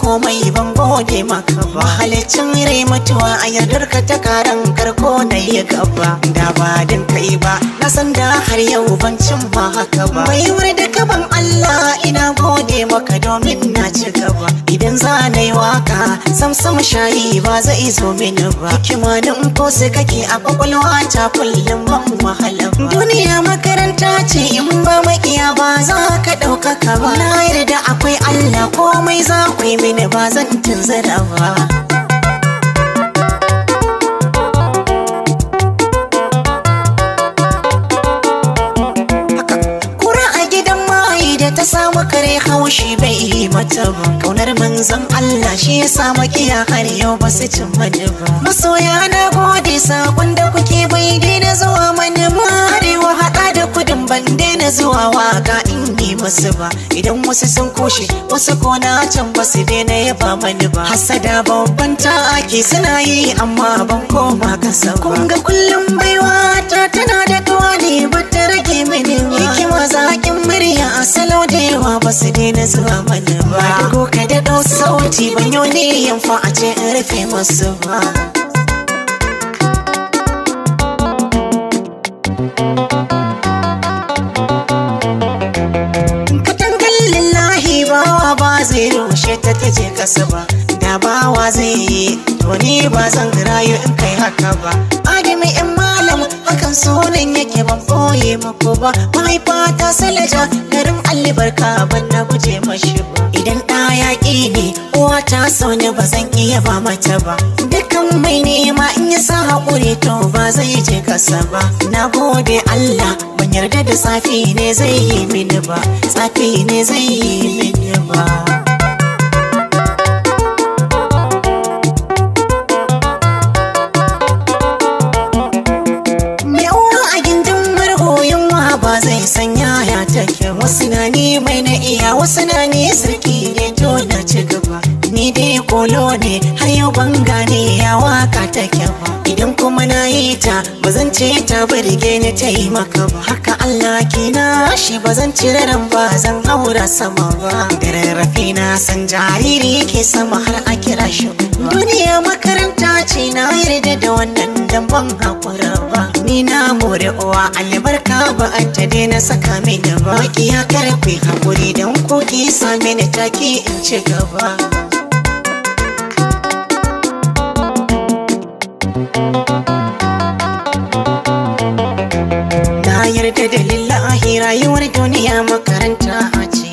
komai ban gode maka ba halicin rai mutuwa a yardar ka ta karan karko na yi gaba da ba din kai ba na san da har yau ban cin ba haka ba bai wuri da kaban Allah ina gode maka domin na ci gaba idan za na yi waka sam sam shayi ba zai zo mini ba kimanin ko sai kake a kwakwalwa ta kullum ban wahala ba duniya makaranta saka ba na yarda akwai Allah komai za ku yi mini ba zan tunzura ba ta samu kare haushi bai yi mata ba kaunar manzon Allah shi ya samu kiya har yau ba su cin mani ba masoya na gode sakon da kuke bai daina zuwa mani ma arewa haɗa da kudin ban daina zuwa waka in masu ba idan wasu sun kushe wasu kona can basu daina yaba mani ba hasada babban ta ake suna yi amma ban koma kasa kun ga kullum baiwa ta tana da kawali ba ta rage mini hikima zakin murya a salo da yawa basu daina zuwa mani ba ko ka da sauti ban yau ne yamfa a ce in rufe masu ba zai rushe ta tace kasa ba da bawa zai yi to ni ba zan rayu in kai haka ba adami in malam hakan sunan yake ban boye muku ba mahaifa ta salaja garin barka ban na guje mashi ba idan ɗaya ya ƙi ne uwa ta so ne ba zan iya ba mata ba dukkan mai nema in ya sa haƙuri to ba zai je kasa ba na gode Allah ban yarda da tsafi ne zai yi mini ba tsafi ne zai yi mini ba mai sanya ya take wasu na ni mai na iya wasu na ni sarki ne to na ci gaba ni dai kolo ne har yau ban gane ya waka take ba idan kuma na yi ta bazan zan ce ta burge ni ta yi maka ba haka Allah ke na shi ba zan ci ran ba zan haura sama ba da rarrafe na san jariri ke sama har a kira shi duniya makaranta ce na yarda da wannan dan ban hakura ba ni na more uwa albar ba a ta daina saka mai gaba ya karfe hakuri dan kuki sa mini taki in ci gaba na yarda da lillahi rayuwar duniya makaranta a ce